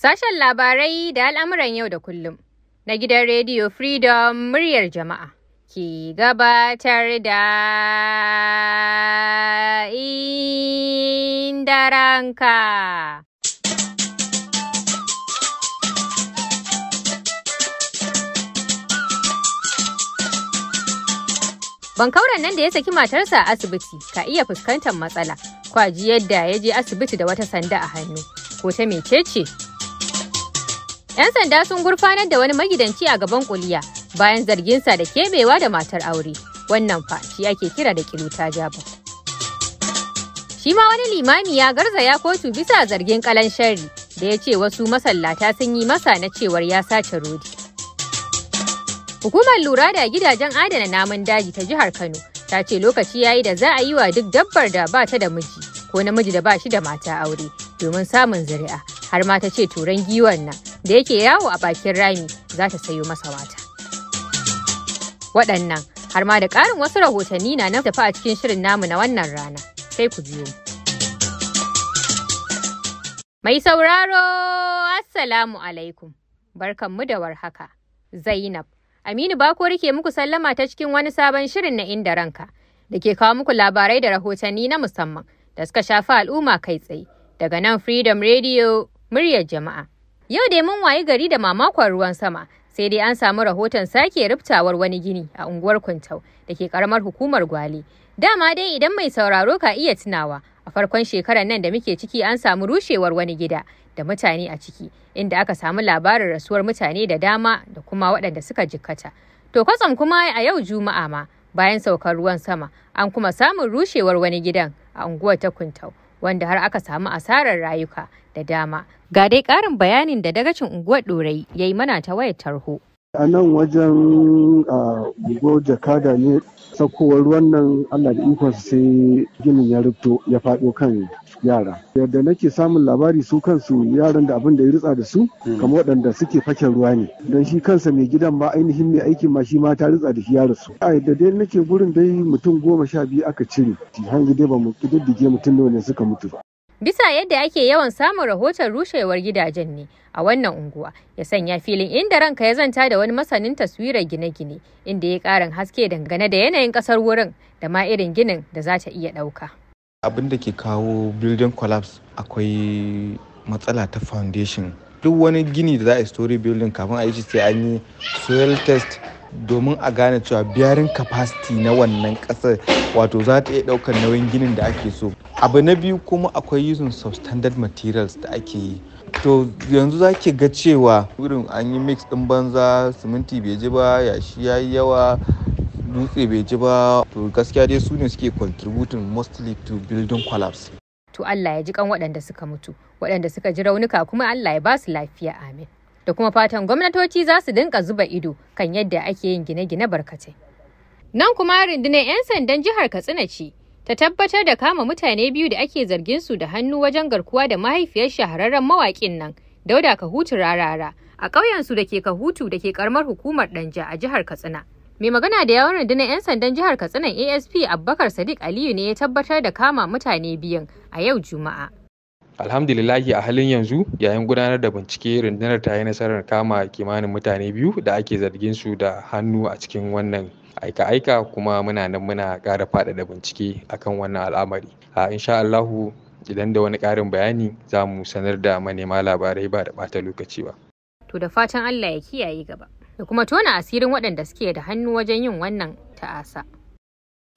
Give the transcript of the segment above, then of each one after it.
Sashen labarai da al'amuran yau da kullum na gidan Rediyo Freedom muryar jama'a ke gabatar da inda ranka. Bankauren nan da ya saki matarsa a asibiti ka iya fuskantar matsala, kwaji yadda ya je asibiti da wata sanda a hannu, ko ta ce. 'Yan sanda sun gurfanar da wani magidanci a gaban kuliya bayan zarginsa da kebewa da matar aure. Wannan fa shi ake kira da kiluta jaba. Shi ma wani limami ya garza ya kotu bisa zargin kalan sharri da ya ce wasu masallata sun yi masa na cewar ya sace rodi. Hukumar lura da gidajen adana namun daji ta jihar Kano ta ce lokaci ya yi da za a yi wa duk dabbar da ba ta da miji ko namiji da ba shi da mata aure domin samun zuri'a har ma ta ce turan giwon nan da yake yawo a bakin rami za ta sayo masa wata Waɗannan har ma da ƙarin wasu rahotanni na nan tafi a cikin shirin namu na wannan rana sai ku biyo. Mai sauraro, Assalamu alaikum, barkanmu da warhaka, Zainab. Aminu Bako rike muku sallama ta cikin wani sabon shirin na inda ranka da ke kawo muku labarai da rahotanni na musamman da suka shafi al'umma kai tsaye daga nan Freedom Radio muryar jama'a. Yau dai mun wayi gari da mamakon ruwan sama, sai dai an samu rahoton sake ruptawar wani gini a unguwar Kuntau da ke karamar hukumar Gwale. Dama dai idan mai sauraro ka iya tunawa, a farkon shekarar nan da muke ciki an samu rushewar wani gida da mutane a ciki, inda aka samu labarin rasuwar mutane da dama da kuma waɗanda suka jikkata. To kwatsam kuma a yau Juma'a ma, bayan saukar ruwan sama, an kuma samun rushewar wani gidan a unguwar ta Kuntau. wanda har aka samu asarar rayuka da dama. Ga dai ƙarin bayanin da dagacin unguwar Ɗorayi ya yi mana ta wayar tarho. A nan wajen unguwar jakada ne saukowar ruwan nan allah da ikon sai ginin ya rubto ya faɗo kan yara yadda nake samun labari su kansu yaran da abin da ya ritsa da su hmm. kamar waɗanda suke faken ruwa ne don shi kansa mai gidan ma ainihin mai aikin ma shi ma ta ritsa da shi ya rasu a yadda dai nake gurin dai mutum goma sha biyu aka cire hangi dai ba mu ƙididdige mutum nawa ne suka mutu ba Bisa yadda ake yawan samun rahoton rushewar gidajen ne a wannan unguwa, ya sanya filin inda ranka ya zanta da wani masanin taswirar gine-gine, inda ya karin haske dangane da yanayin kasar wurin da ma irin ginin da za ta iya ɗauka. Abin da ke kawo building collapse akwai matsala ta foundation. Duk wani gini da za a story building kafin a yi shi sai an yi soil test domin a gane cewa biyarin capacity na wannan kasar wato za ta iya ɗaukar nauyin ginin da ake so abu na biyu kuma akwai using substandard materials da ake yi to yanzu za ki ga cewa wurin an yi mix din banza siminti bai ji ba yashi ya yi yawa dutse bai ji ba to gaskiya dai su ne suke contributing mostly to building collapse to Allah ya ji kan waɗanda suka mutu waɗanda suka ji raunuka kuma Allah ya ba su lafiya amin da kuma fatan gwamnatoci za su dinka zuba ido kan yadda ake yin gine-gine barkatai. Nan kuma rundunar 'yan sandan jihar Katsina ce ta tabbatar da kama mutane biyu da ake zargin su da hannu wajen garkuwa da mahaifiyar shahararren mawaƙin nan Dauda Kahutu Rarara a ƙauyen su da dake Kahutu dake karamar hukumar Danja a jihar Katsina. Mai magana da yawon rundunar 'yan sandan jihar Katsina ASP Abubakar Sadiq Aliyu ne ya tabbatar da kama mutane biyan a yau Juma'a. alhamdulillahi a halin yanzu yayin gudanar da bincike rundunar ta yi nasarar kama kimanin mutane biyu da ake zargin su da hannu a cikin wannan aika-aika kuma muna nan muna ƙara faɗaɗa bincike akan wannan al'amari a insha Allahu idan da wani ƙarin bayani za mu sanar da manema labarai ba da ɓata lokaci ba. To da fatan Allah ya kiyaye gaba da kuma tona asirin waɗanda suke da hannu wajen yin wannan ta'asa.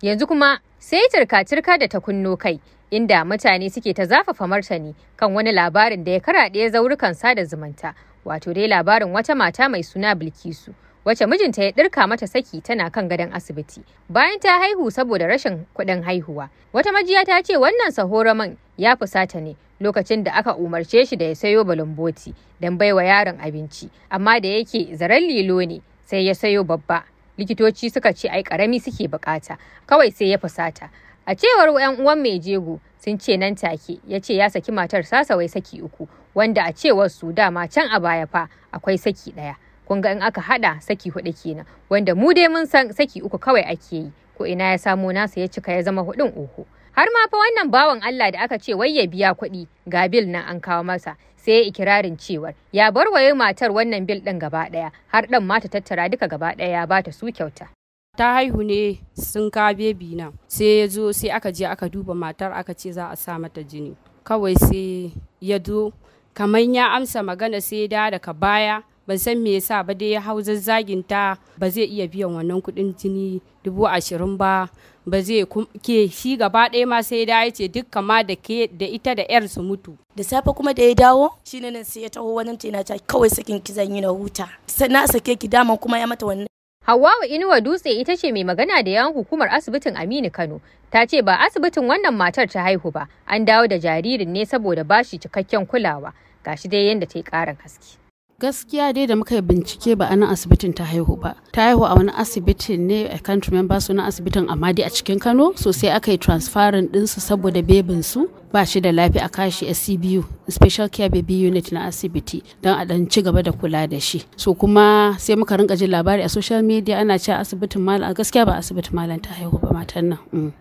Yanzu kuma sai turka-turka da ta kunno kai inda mutane suke ta zafafa martani kan wani labarin da ya karaɗe zaurukan sada zumunta wato dai labarin wata mata mai suna bilkisu wace mijinta ya ɗirka mata saki tana kan gadon asibiti bayan ta haihu saboda rashin kuɗin haihuwa wata majiya ta ce wannan sahoraman ya fusata ne lokacin da aka umarce shi da ya sayo balumboti don baiwa yaron abinci amma da yake zaren lilo ne sai ya sayo babba likitoci suka ce ai karami suke bukata kawai sai ya fusata A cewar 'yan uwan mai jego sun ce nan take ya ce ya saki matar sasa wai saki uku wanda a cewar su dama can a baya fa akwai saki ɗaya. Kun ga in aka haɗa saki hudu kenan wanda mu dai mun san saki uku kawai ake yi ko ina ya samo nasa ya cika ya zama huɗun uku. Har ma fa wannan bawan Allah da aka ce wai ya biya kuɗi ga bil nan an kawo masa sai ya ikirarin cewar ya bar barwaye matar wannan bil ɗin gaba ɗaya har ɗan ma ta tattara duka gaba ɗaya ya bata su kyauta. ta haihu ne sun ka bebi na sai ya zo sai aka je aka duba matar aka ce za a sa mata jini kawai sai ya zo kamar ya amsa magana sai ya dawo daga baya ban san me yasa ba dai ya hau zazzagin ta ba zai iya biyan wannan kudin jini dubu ashirin ba ba zai ke shi gaba ɗaya ma sai ya ce duk kama da ke da ita da yar su mutu da safe kuma da ya dawo shi ne nan sai ya taho wannan tana ta kawai sakin ki yi na huta sai na sake ki dama kuma ya mata wannan Hawwa Inuwa Dutse ita ce mai magana da yawan hukumar asibitin Aminu Kano. Ta ce ba asibitin wannan matar ta haihu ba, an dawo da jaririn ne saboda bashi cikakken kulawa. Gashi dai yadda ta yi ƙarin haske. gaskiya dai da muka bincike ba a nan asibitin ta haihu ba ta haihu a wani asibitin ne i can't remember sunan asibitin amma dai a cikin kano so sai aka yi transferin dinsu saboda bebin su ba shi da lafiya a kashi a cbu special care baby unit na asibiti don a dan ci gaba da kula da shi so kuma sai muka rinka jin labari a social media ana cewa asibitin malam gaskiya ba asibitin malam ta haihu ba matan nan mm.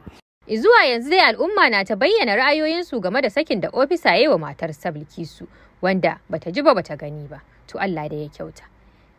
Zuwa yanzu dai al'umma na ta bayyana ra'ayoyinsu game da sakin da ofisa ya yi wa matar sabulkisu wanda bata ji ba bata gani ba. to Allah da ya kyauta.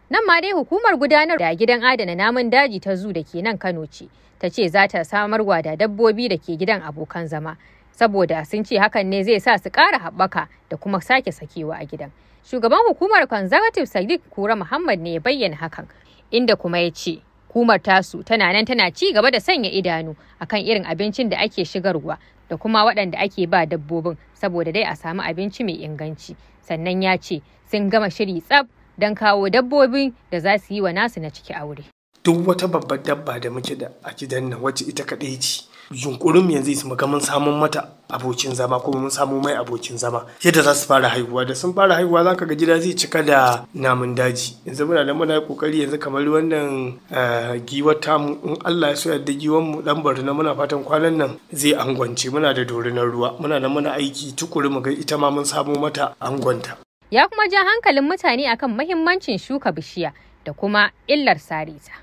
Nan ma dai hukumar gudanar da gidan adana namun daji ta zu da ke nan Kano ce, ta ce za ta samarwa da dabbobi da ke gidan abokan zama, saboda sun ce hakan ne zai sa su ƙara haɓaka da kuma sake sakewa a gidan. Shugaban hukumar Conservative Sadiq Kura Muhammad ne ya bayyana hakan, inda kuma ya ce hukumar tasu tana nan tana ci gaba da sanya idanu akan irin abincin da ake shigarwa da kuma waɗanda ake ba dabbobin saboda dai a samu abinci mai inganci sannan ya ce sun gama shiri tsab don kawo dabbobi da za su yi wa nasu na ciki aure. Duk wata babbar dabba da muke da a gidan nan wacce ita kaɗai ce. Yunkurin yanzu su muga mun samu mata abokin zama kuma mun samu mai abokin zama yadda za su fara haihuwa da sun fara haihuwa za ka ga gida zai cika da namun daji yanzu muna da muna kokari yanzu kamar wannan eh, giwar tamu in Allah ya so yadda giwan mu dan barna muna fatan kwanan nan zai angwance muna da dorinan ruwa muna da muna aiki tukuri mu ga ita ma mun samu mata angwanta ya kuma ja hankalin mutane akan mahimmancin shuka bishiya da kuma illar sare ta.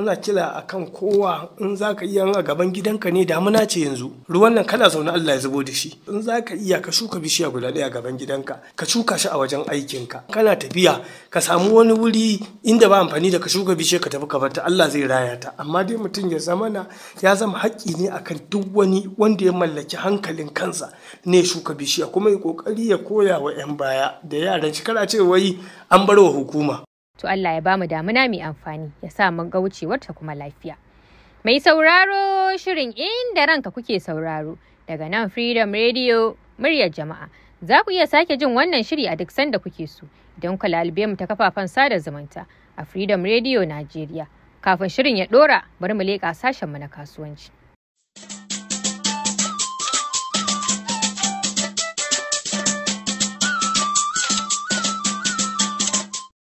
muna kila a kan kowa in za ka iya a gaban gidanka ne damuna ce yanzu ruwan nan kana zaune Allah ya zubo da shi in za ka iya ka shuka bishiya guda ɗaya a gaban gidanka ka shuka shi a wajen aikinka kana tafiya ka samu wani wuri inda ba amfani da ka shuka bishiya ka tafi ka Allah zai raya ta amma dai mutum ya zama na ya zama haƙƙi ne akan duk wani wanda ya mallaki hankalin kansa ne shuka bishiya kuma ya kokari ya koya wa 'yan baya da yaran shi kana ce wai an bar wa hukuma To Allah ya bamu damuna mai amfani, ya sa mun gaucewar ta kuma lafiya. Mai sauraro shirin inda ranka kuke sauraro daga nan Freedom Radio muryar jama'a. Za ku iya sake jin wannan shiri a duk sanda kuke so idan ku lalube mu ta kafafen sada zumunta a Freedom Radio Najeriya. Kafin shirin ya ɗora, bari mu leƙa mu na kasuwanci.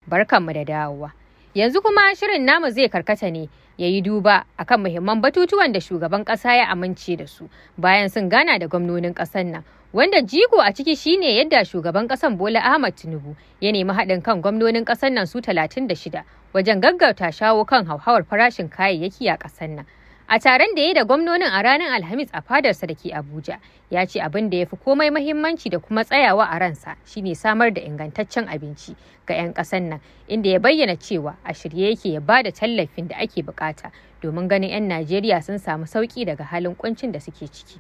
barkanmu da dawowa. Yanzu kuma shirin namu zai karkata ne ya yi duba akan muhimman batutuwan da shugaban ƙasa ya amince da su bayan sun gana da gwamnonin ƙasar nan. Wanda jigo a ciki shine yadda shugaban ƙasan Bola Ahmad Tinubu ya nemi haɗin kan gwamnonin ƙasar nan su shida wajen gaggauta shawo kan hauhawar farashin kayayyaki a ƙasar nan. A taron da ya yi da gwamnonin a ranar Alhamis a fadarsa da ke Abuja, ya ce abin da ya fi komai mahimmanci da kuma tsayawa a ransa shine samar da ingantaccen abinci ga 'yan ƙasan nan, inda ya bayyana cewa a shirye yake ya ba da tallafin da ake bukata domin ganin 'yan Najeriya sun samu sauki daga halin kuncin da suke ciki.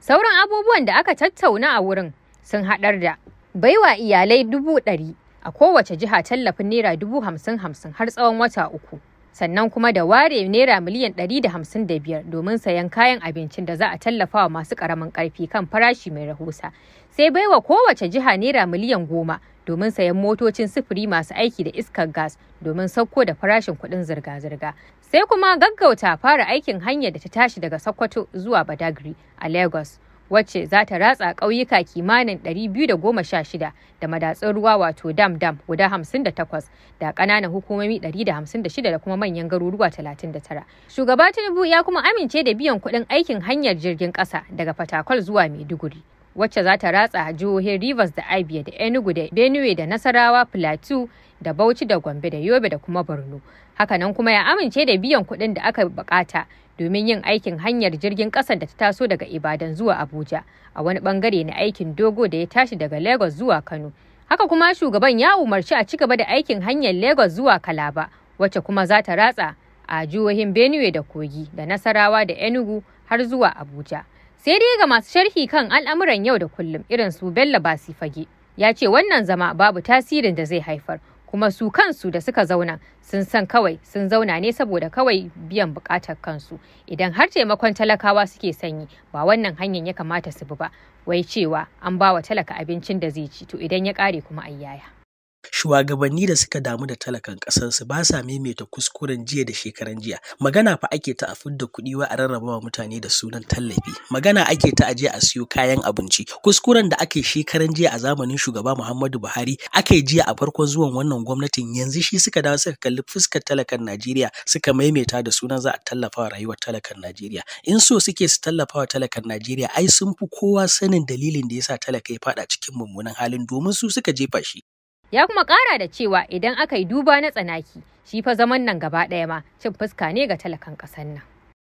Sauran abubuwan da aka tattauna a wurin sun haɗar da baiwa iyalai dubu ɗari a kowace jiha tallafin naira dubu hamsin hamsin har tsawon wata uku. sannan kuma da ware naira miliyan 155 domin sayan kayan abincin da za a tallafa wa masu karamin karfi kan farashi mai rahusa sai baiwa kowace jiha naira miliyan goma domin sayan motocin sufuri masu aiki da iskar gas domin sauko da farashin kuɗin zirga-zirga sai kuma gaggauta fara aikin hanyar da ta tashi daga sokoto zuwa badagry a lagos wacce za ta ratsa ƙauyuka kimanin 216 da madatsun ruwa wato dam dam guda 58 da ƙananan hukumomi 156 da kuma manyan garuruwa 39. Shugaba Tinubu ya kuma amince da biyan kuɗin aikin hanyar jirgin ƙasa daga Fatakwal zuwa Maiduguri. wacce za ta ratsa jihohin Rivers da Abia da Enugu da Benue da Nasarawa, Plateau da Bauchi da Gombe da Yobe da kuma Borno. Hakanan kuma ya amince da biyan kuɗin da aka bukata domin yin aikin hanyar jirgin ƙasar da ta taso daga Ibadan zuwa Abuja a wani bangare na aikin dogo da ya tashi daga Lagos zuwa Kano. Haka kuma shugaban ya umarci a ci gaba da aikin hanyar Lagos zuwa Kalaba wace kuma za ta ratsa a jihohin Benue da Kogi da Nasarawa da Enugu har zuwa Abuja. Sai dai ga masu sharhi kan al'amuran yau da kullum irin su Bello Basi Fage ya ce wannan zama babu tasirin da zai haifar kuma su kansu da suka zauna sun san kawai sun zauna ne saboda kawai biyan bukatar kansu idan har taimakon talakawa suke sanyi ba wannan hanyar ya kamata su bi ba wai cewa an ba wa talaka abincin da zai ci to idan ya kare kuma ayyaya. Shuwagabanni da suka damu da talakan su, ba sa maimaita kuskuren jiya da shekaran jiya. Magana fa ake ta a fidda kuɗi wa a rarraba wa mutane da sunan tallafi. Magana ake ta a je a siyo kayan abinci. Kuskuren da ake shekaran jiya a zamanin shugaba Muhammadu Buhari ake jiya a farkon zuwan wannan gwamnatin yanzu shi suka dawo suka kalli fuskar talakan Najeriya suka maimaita da sunan za a tallafa wa rayuwar talakan Najeriya. In so suke su tallafa wa talakan Najeriya ai sun fi kowa sanin dalilin da yasa talaka ya faɗa cikin mummunan halin domin su suka jefa shi. Ya kuma ƙara da cewa idan aka yi duba na tsanaki, shi fa zaman nan gaba ɗaya ma cin fuska ne ga talakan ƙasar nan.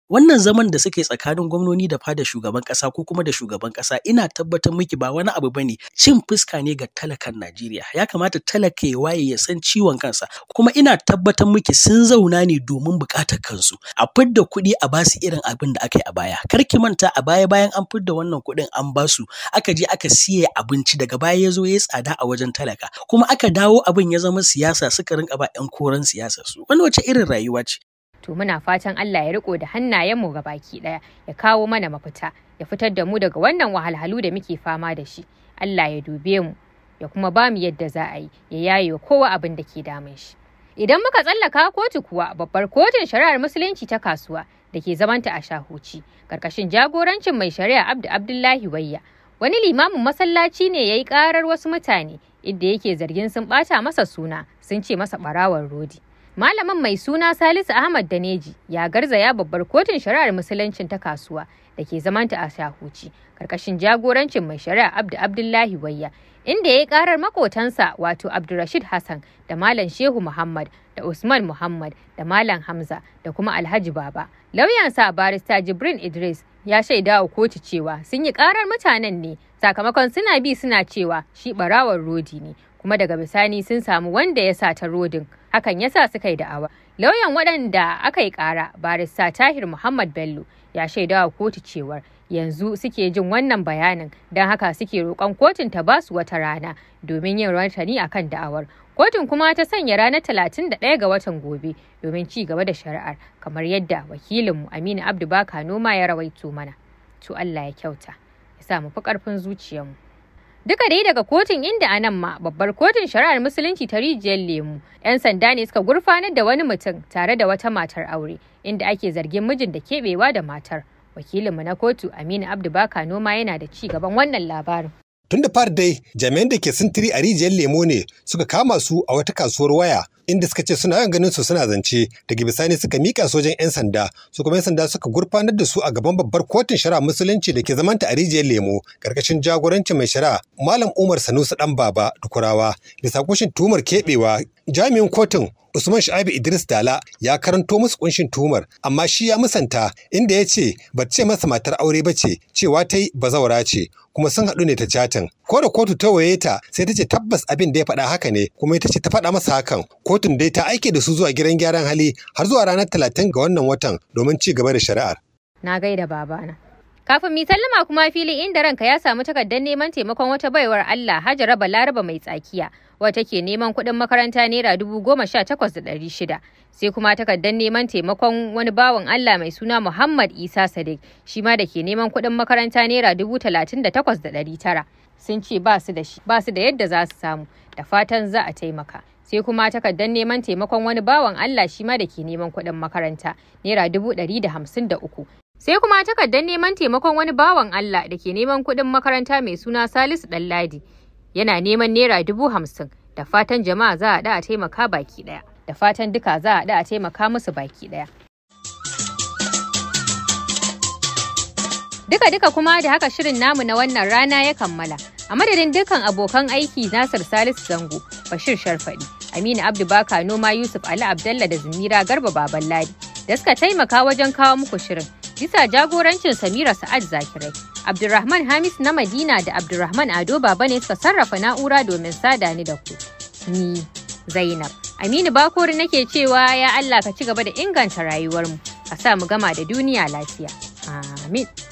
wannan zaman da suke tsakanin gwamnoni da fada shugaban kasa ko kuma da shugaban kasa ina tabbatar miki ba wani abu bane cin fuska ne ga talakan Najeriya ya kamata talaka ya waye ya san ciwon kansa kuma ina tabbatar miki sun zauna ne domin bukatar kansu a fidda kuɗi a basu irin abin da aka yi a baya kar ki manta a baya bayan an fidda wannan kuɗin an basu aka je aka siye abinci daga baya ya zo ya tsada a wajen talaka kuma aka dawo abin ya zama siyasa suka rinka ba 'yan koran siyasa su wani wace irin rayuwa ce to muna fatan Allah ya riko da hannayenmu ga baki ɗaya ya kawo mana mafita ya fitar da mu daga wannan wahalhalu da muke fama da shi Allah ya dube mu ya kuma ba mu yadda za a yi ya yaye wa kowa abin da ke damun shi idan muka tsallaka kotu kuwa babbar kotun shari'ar musulunci ta kasuwa da ke zamanta a shahuci karkashin jagorancin mai shari'a abdu abdullahi wayya wani limamin masallaci ne ya yi karar wasu mutane inda yake zargin sun bata masa suna sun ce masa barawar rodi Malamin mai suna Salisu Ahmad Daneji ya garzaya babbar kotun shari'ar musuluncin ta kasuwa da ke zamanta a Shahuci, karkashin jagorancin mai shari'a Abdu Abdullahi Wayya, inda ya yi karar makotansa wato Abdurrashid Hassan da Malam Shehu Muhammad da Usman Muhammad da Malam Hamza da kuma Alhaji Baba. Lauyansa barista Jibrin Idris ya shaida wa kotu cewa sun yi karar mutanen ne sakamakon suna bi suna cewa shi barawar rodi ne kuma daga bisani sun samu wanda ya sa ta rodin hakan ya sa suka yi da'awa lauyan waɗanda aka yi ƙara barista tahir muhammad bello ya shaida wa kotu cewar yanzu suke jin wannan bayanin don haka suke roƙon kotun ta basu wata rana domin yin a kan da'awar kotun kuma ta sanya ranar ɗaya ga watan gobe domin ci gaba da shari'ar kamar yadda wakilinmu aminu abdu baka noma ya rawaito mana to allah ya kyauta ya samu fi ƙarfin zuciyarmu Duka dai daga kotun inda a nan ma babbar kotun shari'ar musulunci ta rijiyar lemu. 'Yan sanda ne suka gurfanar da wani mutum tare da wata matar aure inda ake zargin mijin da keɓewa da matar. Wakilinmu na kotu Aminu Abdubaka Noma yana da ci gaban wannan labarin. Tun da fari dai jami'an da ke sintiri a rijiyar lemo ne suka kama su a wata kasuwar waya inda suka ce suna yawan ganin su suna zance daga bisani suka mika sojan 'yan sanda su kuma 'yan sanda suka gurfanar da su a gaban babbar kotun shari'a musulunci da ke zamanta a rijiyar lemo karkashin jagoranci mai shari'a malam umar sanusi dan baba dukurawa bisa kushin tumar kebewa jami'in kotun Usman Shu'aibu Idris Dala ya karanto musu kunshin tumar amma shi ya musanta inda ya ce ba ce masa matar aure ba ce cewa ta yi bazawara ce kuma sun haɗu ne ta chatin. Ko da kotu ta waye ta sai ta ce tabbas abin da ya faɗa haka ne kuma ita ce ta faɗa masa hakan ko kotun dai ta aike da su zuwa gidan gyaran hali har zuwa ranar talatin ga wannan watan domin ci gaba da shari'ar. Na gaida babana. Kafin mi sallama kuma fili inda ranka ya samu takardar neman taimakon wata baiwar Allah Hajara Balaraba mai tsakiya wata ke neman kuɗin makaranta naira dubu goma sha takwas da ɗari shida sai kuma takardar neman taimakon wani bawan Allah mai suna Muhammad Isa Sadiq shi ma da ke neman kuɗin makaranta naira dubu talatin da takwas da ɗari tara sun ce ba su da yadda za su samu da fatan za a taimaka. sai kuma takardar neman taimakon wani bawan Allah shi ma da ke neman kuɗin makaranta naira dubu ɗari da hamsin da uku. Sai kuma takardar neman taimakon wani bawan Allah da ke neman kuɗin makaranta mai suna Salisu Ɗanladi yana neman naira dubu hamsin da fatan jama'a za a da a taimaka baki ɗaya. Da fatan duka za a da a taimaka musu baki ɗaya. Duka-duka kuma da haka shirin namu na wannan rana ya kammala. A madadin dukkan abokan aiki Nasir Salisu Zango, Bashir Sharfadi, Aminu Abdu Baka Noma Yusuf Ali Abdallah da Zumira Garba Baban da suka taimaka wajen kawo muku shirin. Bisa jagorancin Samira Sa'ad Zakirai, Abdulrahman Hamis na Madina da Abdulrahman Ado Baba ne suka sarrafa na'ura domin sada ni da ku. Ni Zainab. Aminu Bakori nake cewa ya Allah ka ci gaba da inganta rayuwarmu, a sa mu gama da duniya lafiya. Amin.